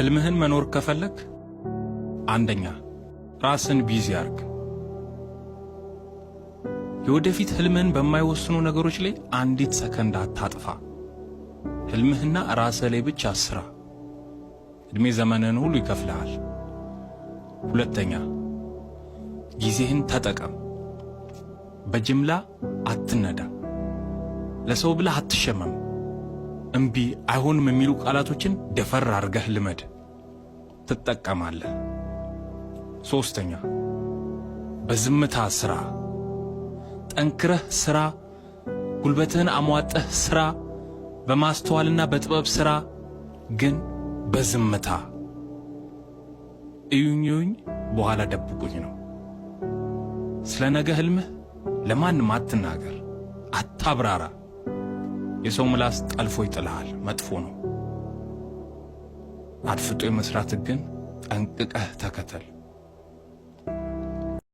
ህልምህን መኖር ከፈለክ፣ አንደኛ ራስን ቢዚ አርግ። የወደፊት ህልምህን በማይወስኑ ነገሮች ላይ አንዲት ሰከንድ አታጥፋ። ህልምህና ራስህ ላይ ብቻ ስራ። ዕድሜ ዘመንህን ሁሉ ይከፍልሃል። ሁለተኛ ጊዜህን ተጠቀም። በጅምላ አትነዳ። ለሰው ብለህ አትሸመም። እምቢ፣ አይሆንም የሚሉ ቃላቶችን ደፈር አድርገህ ልመድ፣ ትጠቀማለህ። ሶስተኛ በዝምታ ስራ፣ ጠንክረህ ስራ፣ ጉልበትህን አሟጠህ ስራ፣ በማስተዋልና በጥበብ ስራ፣ ግን በዝምታ እዩኝ እዩኝ በኋላ ደብቁኝ ነው። ስለ ነገ ህልምህ ለማንም አትናገር፣ አታብራራ። የሰው ምላስ ጠልፎ ይጥልሃል፣ መጥፎ ነው። አድፍጦ የመስራት ግን ጠንቅቀህ ተከተል።